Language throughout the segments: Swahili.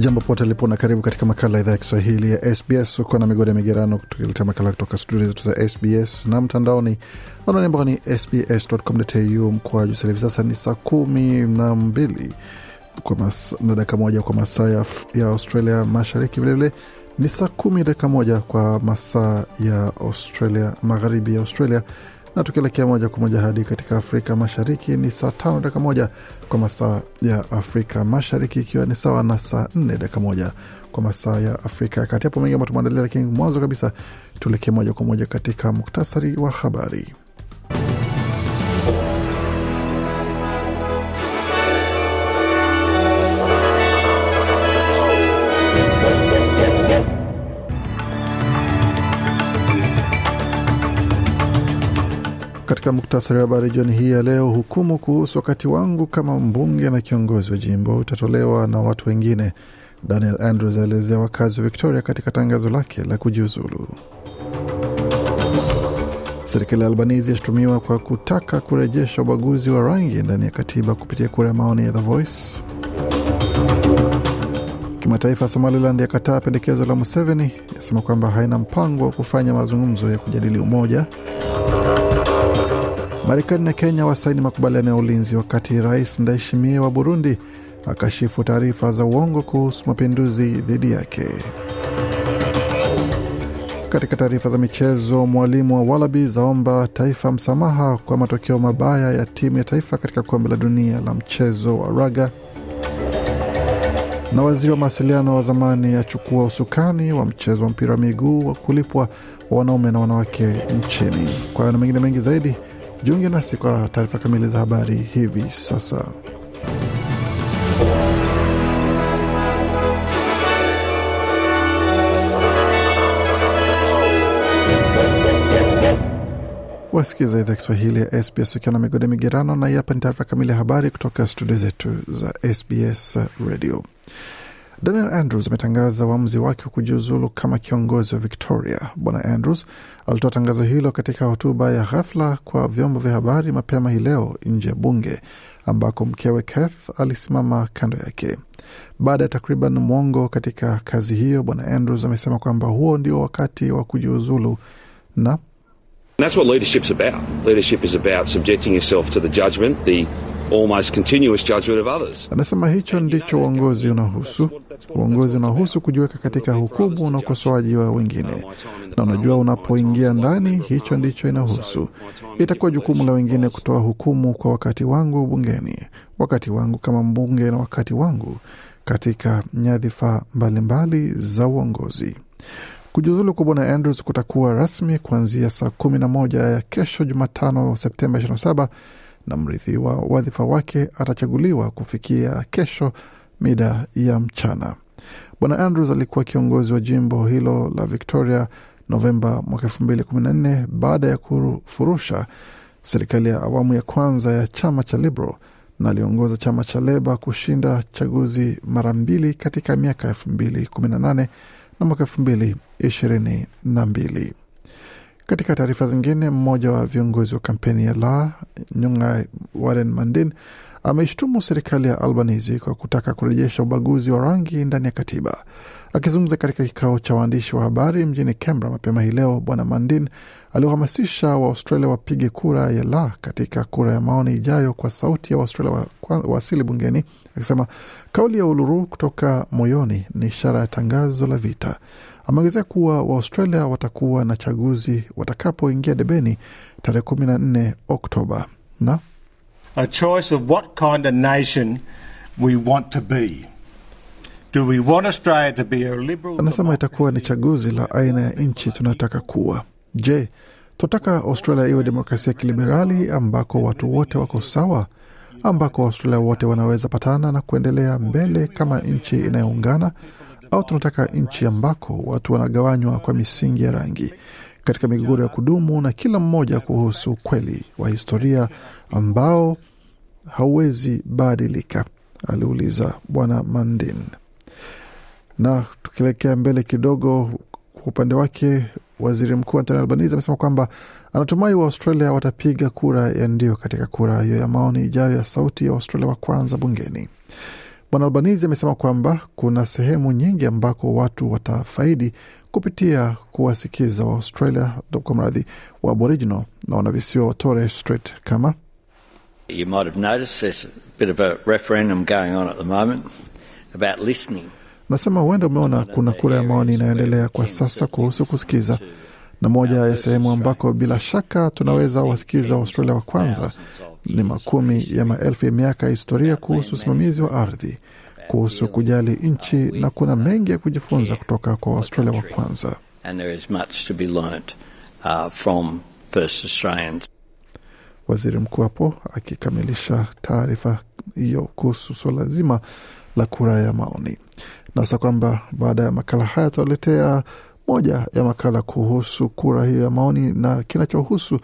Jambo pote lipo na karibu katika makala idhaa ya Kiswahili ya SBS huko na migodi ya migerano, tukiletea makala kutoka studio zetu za SBS na mtandaoni, anaoni ambao ni sbs.com.au mkoa sasa hivi. Sasa ni saa kumi na mbili na dakika moja kwa masaa ya, ya Australia Mashariki, vilevile ni saa kumi dakika moja kwa masaa ya Australia Magharibi ya Australia na tukielekea moja kwa moja hadi katika Afrika Mashariki ni saa tano dakika moja kwa masaa ya Afrika Mashariki, ikiwa ni sawa na saa nne dakika moja kwa masaa ya Afrika ya Kati. Hapo mengi ambayo tumeandalia, lakini mwanzo kabisa tuelekee moja kwa moja katika muktasari wa habari. Katika muktasari wa habari jioni hii ya leo, hukumu kuhusu wakati wangu kama mbunge na kiongozi wa jimbo utatolewa na watu wengine. Daniel Andrews aelezea wakazi wa Victoria katika tangazo lake la kujiuzulu. Serikali ya Albanizi yashutumiwa kwa kutaka kurejesha ubaguzi wa rangi ndani ya katiba kupitia kura ya maoni ya The Voice. Kimataifa, Somaliland yakataa pendekezo la Museveni, yasema kwamba haina mpango wa kufanya mazungumzo ya kujadili umoja. Marekani na Kenya wasaini makubaliano ya ulinzi, wakati Rais Ndayishimiye wa Burundi akashifu taarifa za uongo kuhusu mapinduzi dhidi yake. Katika taarifa za michezo, mwalimu wa Walabi aomba taifa msamaha kwa matokeo mabaya ya timu ya taifa katika kombe la dunia la mchezo wa raga, na waziri wa mawasiliano wa zamani achukua usukani wa mchezo wa mpira wa miguu wa kulipwa wanaume na wanawake nchini. Kwa hayo na mengine mengi zaidi Jiunge nasi kwa taarifa kamili za habari hivi sasa. Wasikiza idhaa Kiswahili ya SBS ukiwa na migode migerano, na hii hapa ni taarifa kamili ya habari kutoka studio zetu za SBS Radio. Daniel Andrews ametangaza uamuzi wake wa kujiuzulu kama kiongozi wa Victoria. Bwana Andrews alitoa tangazo hilo katika hotuba ya ghafla kwa vyombo vya habari mapema hii leo nje ya bunge ambako mkewe Kath alisimama kando yake. Baada ya takriban mwongo katika kazi hiyo, Bwana Andrews amesema kwamba huo ndio wakati wa kujiuzulu na That's what leadership's about. Leadership is about subjecting yourself to the judgment, the Anasema hicho ndicho uongozi unahusu. Uongozi unahusu kujiweka katika hukumu na ukosoaji wa wengine, na unajua, unapoingia ndani, hicho ndicho inahusu. Itakuwa jukumu la wengine kutoa hukumu kwa wakati wangu bungeni, wakati wangu kama mbunge, na wakati wangu katika nyadhifa mbalimbali za uongozi. Kujiuzulu kwa bwana Andrews kutakuwa rasmi kuanzia saa kumi na moja ya kesho Jumatano, Septemba na mrithi wa wadhifa wake atachaguliwa kufikia kesho mida ya mchana. Bwana Andrews alikuwa kiongozi wa jimbo hilo la Victoria Novemba mwaka elfu mbili kumi na nne baada ya kufurusha serikali ya awamu ya kwanza ya chama cha Liberal na aliongoza chama cha Leba kushinda chaguzi mara mbili katika miaka elfu mbili kumi na nane na mwaka elfu mbili ishirini na mbili. Katika taarifa zingine, mmoja wa viongozi wa kampeni ya la Nyong'ai, Warren Mandin, ameishtumu serikali ya Albanese kwa kutaka kurejesha ubaguzi wa rangi ndani ya katiba. Akizungumza katika kikao cha waandishi wa habari mjini Canberra mapema hii leo, Bwana Mandin aliwahamasisha Waaustralia wapige kura ya la katika kura ya maoni ijayo kwa sauti ya Waaustralia wa asili bungeni, akisema kauli ya Uluru kutoka moyoni ni ishara ya tangazo la vita. Ameongezea kuwa Waaustralia watakuwa na chaguzi watakapoingia debeni tarehe 14 Oktoba na a choice of what kind of nation we want to be. Do we want Australia to be a liberal? Anasema itakuwa ni chaguzi la aina ya nchi tunayotaka kuwa. Je, tunataka Australia iwe demokrasia ya kiliberali ambako watu wote wako sawa, ambako Waustralia wote wanaweza patana na kuendelea mbele kama nchi inayoungana au tunataka nchi ambako watu wanagawanywa kwa misingi ya rangi katika migogoro ya kudumu na kila mmoja kuhusu ukweli wa historia ambao hauwezi badilika? aliuliza Bwana Mandin. Na tukielekea mbele kidogo, kwa upande wake waziri mkuu antoni albanis amesema kwamba anatumai waustralia watapiga kura ya ndio katika kura hiyo ya maoni ijayo ya sauti ya waustralia wa kwanza bungeni. Bwana Albanizi amesema kwamba kuna sehemu nyingi ambako watu watafaidi kupitia kuwasikiza Waaustralia kwa mradhi wa Aboriginal na wanavisiwa wa Torres Strait kama You might have noticed there's a bit of a referendum going on at the moment about listening. Nasema huenda umeona kuna kura ya maoni inayoendelea kwa sasa kuhusu kusikiza, na moja ya sehemu ambako bila shaka tunaweza wasikiza Waustralia wa kwanza ni makumi ya maelfu ya miaka ya historia kuhusu usimamizi wa ardhi, kuhusu kujali nchi, na kuna mengi ya kujifunza kutoka kwa Waustralia wa kwanza. Uh, Waziri mkuu hapo akikamilisha taarifa hiyo kuhusu suala zima la kura ya maoni. Nasa kwamba baada ya makala haya tutaletea moja ya makala kuhusu kura hiyo ya maoni na kinachohusu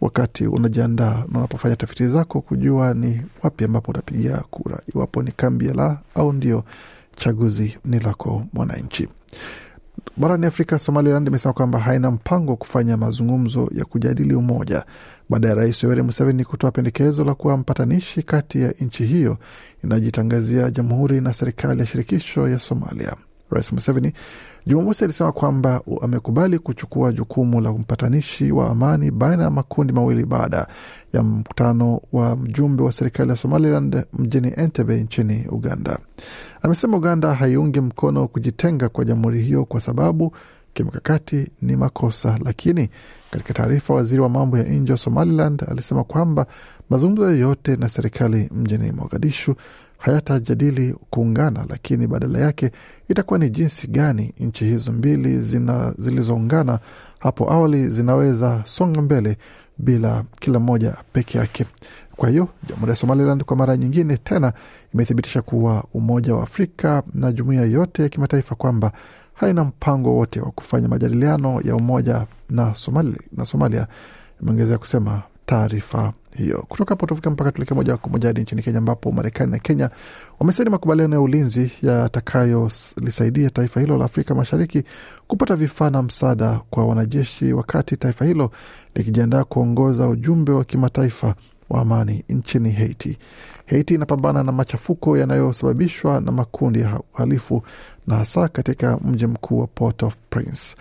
wakati unajiandaa na unapofanya tafiti zako kujua ni wapi ambapo unapigia kura, iwapo ni kambi la au ndio chaguzi ni lako mwananchi. Barani Afrika, Somaliland imesema kwamba haina mpango wa kufanya mazungumzo ya kujadili umoja baada ya Rais Yoweri Museveni kutoa pendekezo la kuwa mpatanishi kati ya nchi hiyo inayojitangazia jamhuri na serikali ya shirikisho ya Somalia. Rais Museveni Jumamosi alisema kwamba amekubali kuchukua jukumu la mpatanishi wa amani baina ya makundi mawili baada ya mkutano wa mjumbe wa serikali ya Somaliland mjini Entebbe nchini Uganda. Amesema Uganda haiungi mkono kujitenga kwa jamhuri hiyo kwa sababu kimkakati ni makosa. Lakini katika taarifa, waziri wa mambo ya nje wa Somaliland alisema kwamba mazungumzo yoyote na serikali mjini Mogadishu hayatajadili kuungana, lakini badala yake itakuwa ni jinsi gani nchi hizo mbili zilizoungana hapo awali zinaweza songa mbele bila kila mmoja peke yake. Kwa hiyo Jamhuri ya Somaliland kwa mara nyingine tena imethibitisha kuwa Umoja wa Afrika na jumuiya yote ya kimataifa kwamba haina mpango wote wa kufanya majadiliano ya umoja na Somalia, na Somalia imeongezea kusema taarifa hiyo. Kutoka hapo tufika mpaka tuelekea moja kwa moja hadi nchini Kenya, ambapo Marekani na Kenya wamesaini makubaliano ya ulinzi yatakayolisaidia taifa hilo la Afrika Mashariki kupata vifaa na msaada kwa wanajeshi, wakati taifa hilo likijiandaa kuongoza ujumbe wa kimataifa wa amani nchini Haiti. Haiti inapambana na machafuko yanayosababishwa na makundi ya uhalifu na hasa katika mji mkuu wa port of prince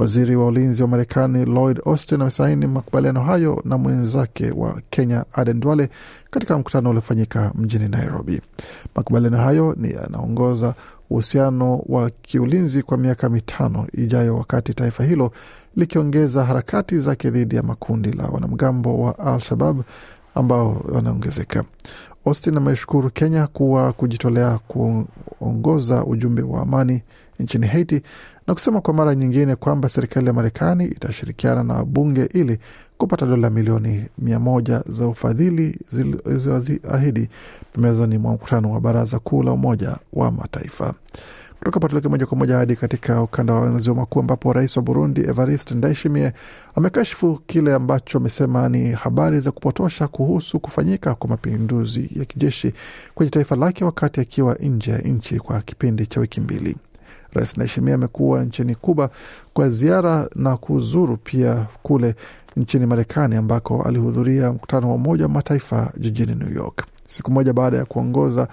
Waziri wa ulinzi wa Marekani Lloyd Austin amesaini makubaliano hayo na mwenzake wa Kenya Aden Duale katika mkutano uliofanyika mjini Nairobi. Makubaliano hayo ni yanaongoza uhusiano wa kiulinzi kwa miaka mitano ijayo, wakati taifa hilo likiongeza harakati zake dhidi ya makundi la wanamgambo wa Al-Shabab ambao wanaongezeka. Austin ameshukuru Kenya kuwa kujitolea kuongoza ujumbe wa amani nchini Haiti na kusema kwa mara nyingine kwamba serikali ya Marekani itashirikiana na wabunge ili kupata dola milioni mia moja za ufadhili zilizoahidi pembezoni mwa mkutano wa Baraza Kuu la Umoja wa Mataifa. Kutoka patuleke moja kwa moja hadi katika ukanda wa maziwa makuu ambapo rais wa Burundi Evarist Ndaishimie amekashifu kile ambacho amesema ni habari za kupotosha kuhusu kufanyika kwa mapinduzi ya kijeshi kwenye taifa lake wakati akiwa nje ya nchi kwa kipindi cha wiki mbili. Rais naishimia amekuwa nchini Kuba kwa ziara na kuzuru pia kule nchini Marekani ambako alihudhuria mkutano wa Umoja wa Mataifa jijini New York siku moja baada ya kuongoza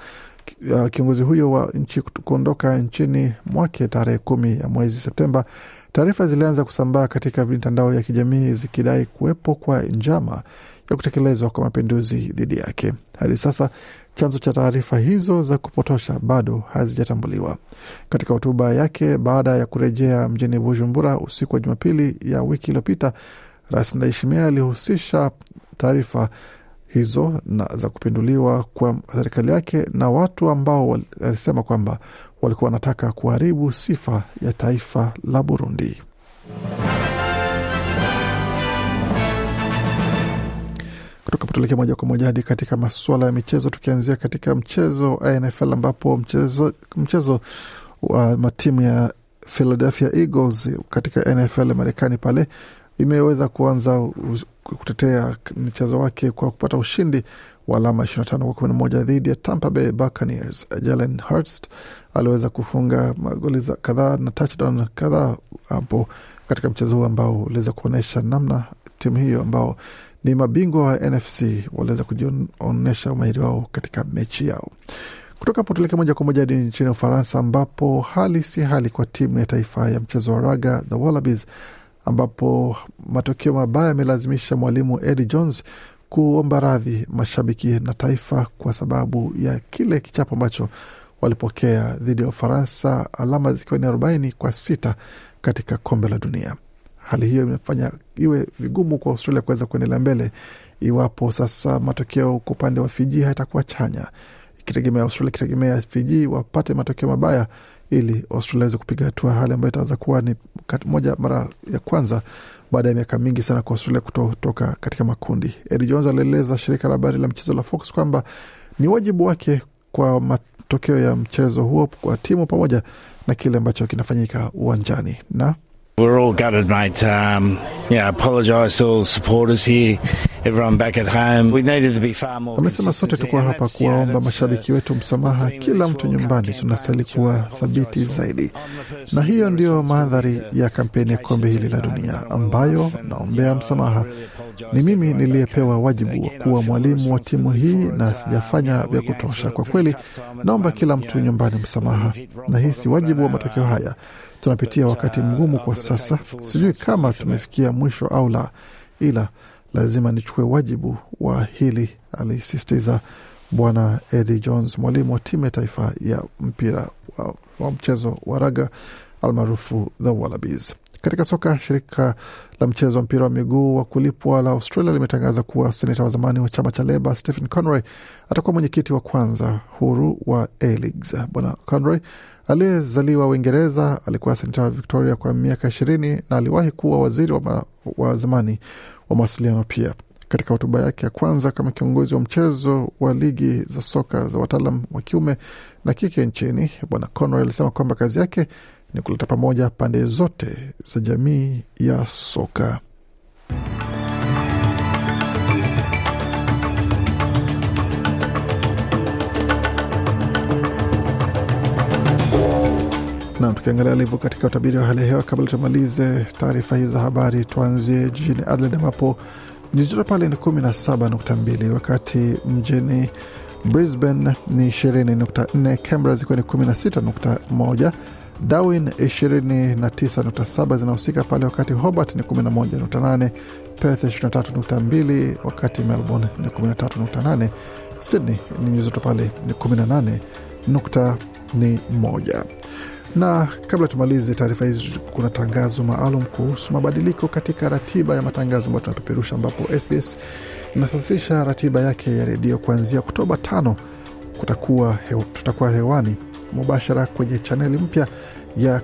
uh, kiongozi huyo wa nchi kuondoka nchini mwake tarehe kumi ya mwezi Septemba. Taarifa zilianza kusambaa katika mitandao ya kijamii zikidai kuwepo kwa njama ya kutekelezwa kwa mapinduzi dhidi yake. Hadi sasa Chanzo cha taarifa hizo za kupotosha bado hazijatambuliwa. Katika hotuba yake baada ya kurejea mjini Bujumbura usiku wa Jumapili ya wiki iliyopita, Rais Ndayishimiye alihusisha taarifa hizo na za kupinduliwa kwa serikali yake na watu ambao walisema kwamba walikuwa wanataka kuharibu sifa ya taifa la Burundi. Kutoka tuelekea moja kwa moja hadi katika masuala ya michezo, tukianzia katika mchezo NFL ambapo mchezo, mchezo wa matimu ya Philadelphia Eagles katika NFL Marekani pale imeweza kuanza kutetea mchezo wake kwa kupata ushindi wa alama 25 kwa 11 dhidi ya Tampa Bay Buccaneers. Jalen hurst aliweza kufunga magoli kadhaa na touchdown kadhaa hapo katika mchezo huu ambao uliweza kuonyesha namna timu hiyo ambao ni mabingwa wa NFC waliweza kujionyesha umahiri wao katika mechi yao. Kutoka hapo tuelekee moja kwa moja hadi nchini Ufaransa, ambapo hali si hali kwa timu ya taifa ya mchezo wa raga the Wallabies, ambapo matokeo mabaya yamelazimisha mwalimu Eddie Jones kuomba radhi mashabiki na taifa kwa sababu ya kile kichapo ambacho walipokea dhidi ya Ufaransa, alama zikiwa ni arobaini kwa sita katika kombe la dunia. Hali hiyo imefanya iwe vigumu kwa Australia kuweza kuendelea mbele iwapo sasa matokeo kwa upande wa Fiji hayatakuwa chanya, ikitegemea Australia ikitegemea Fiji wapate matokeo mabaya ili Australia aweze kupiga hatua, hali ambayo itaweza kuwa ni moja mara ya kwanza baada ya miaka mingi sana kwa Australia kutotoka katika makundi. Eddie Jones alieleza shirika la habari la mchezo la Fox kwamba ni wajibu wake kwa matokeo ya mchezo huo kwa timu pamoja na kile ambacho kinafanyika uwanjani na We're all gutted, mate. Um, yeah, apologise to all supporters here. Amesema sote tuko hapa kuwaomba uh, mashabiki wetu msamaha, kila mtu nyumbani. Tunastahili kuwa thabiti zaidi, na hiyo ndiyo mandhari ya kampeni ya kombe hili la dunia ambayo naombea msamaha. Ni mimi niliyepewa wajibu wa kuwa mwalimu wa timu hii na sijafanya vya kutosha. Kwa kweli, naomba kila mtu nyumbani msamaha, na hii si wajibu wa matokeo uh, haya tunapitia wakati mgumu kwa sasa. Sijui kama tumefikia mwisho au la, ila lazima nichukue wajibu wa hili, alisisitiza Bwana Eddie Jones, mwalimu wa timu ya taifa ya mpira wa, wa mchezo wa raga almaarufu the Wallabies. Katika soka, shirika la mchezo wa mpira wa miguu wa kulipwa la Australia limetangaza kuwa seneta wa zamani wa chama cha Leba Stephen Conroy atakuwa mwenyekiti wa kwanza huru wa A-Leagues. Bwana Conroy aliyezaliwa Uingereza alikuwa seneta wa Victoria kwa miaka ishirini na aliwahi kuwa waziri wa, ma, wa zamani wa mawasiliano pia. Katika hotuba yake ya kwanza kama kiongozi wa mchezo wa ligi za soka za wataalam wa kiume na kike nchini, Bwana Conroy alisema kwamba kazi yake ni kuleta pamoja pande zote za jamii ya soka. Nam, tukiangalia alivyo katika utabiri wa hali ya hewa, kabla tumalize taarifa hii za habari, tuanzie jijini Adelaide ambapo nyuzi joto pale ni 17.2, wakati mjini Brisbane ni 20.4, Canberra zikiwa ni 16.1 Darwin 29.7 zinahusika pale, wakati Hobart ni 11.8, Perth 23.2, wakati Melbourne ni 13.8, Sydney ni nyuzi joto pale ni 18.1. Na kabla tumalize taarifa hizi, kuna tangazo maalum kuhusu mabadiliko katika ratiba ya matangazo ambayo tunapeperusha, ambapo SBS inasasisha ratiba yake ya redio kuanzia Oktoba tano kutakuwa tutakuwa hewani mubashara kwenye chaneli mpya ya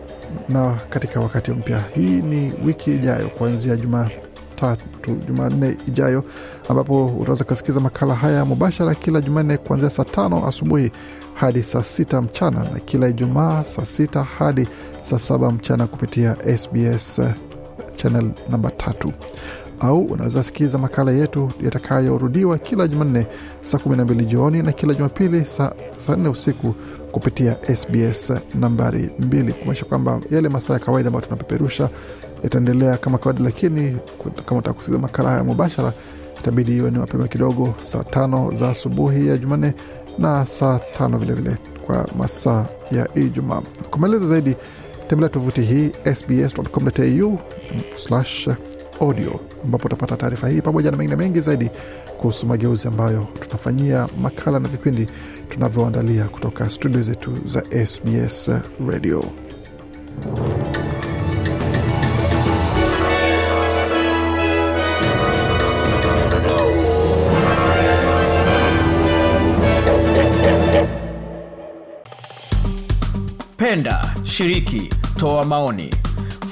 na katika wakati mpya. Hii ni wiki ijayo kuanzia Jumatatu, Jumanne ijayo ambapo utaweza kusikiza makala haya mubashara kila Jumanne kuanzia saa tano asubuhi hadi saa sita mchana na kila Ijumaa saa sita hadi saa saba mchana kupitia SBS channel namba tatu au unaweza sikiliza makala yetu yatakayorudiwa kila Jumanne saa 12 jioni na kila Jumapili saa 4 usiku kupitia SBS nambari 2, kumaanisha kwamba yale masaa ya kawaida ambayo tunapeperusha yataendelea kama kawaida, lakini kama utaka makala haya mubashara itabidi iwe ni mapema kidogo, saa tano za asubuhi ya Jumanne na saa tano vilevile kwa masaa ya Ijumaa. Kwa maelezo zaidi tembelea tovuti hii sbs.com.au audio, ambapo utapata taarifa hii pamoja na mengine mengi zaidi kuhusu mageuzi ambayo tunafanyia makala na vipindi tunavyoandalia kutoka studio zetu za SBS Radio. Penda, shiriki, toa maoni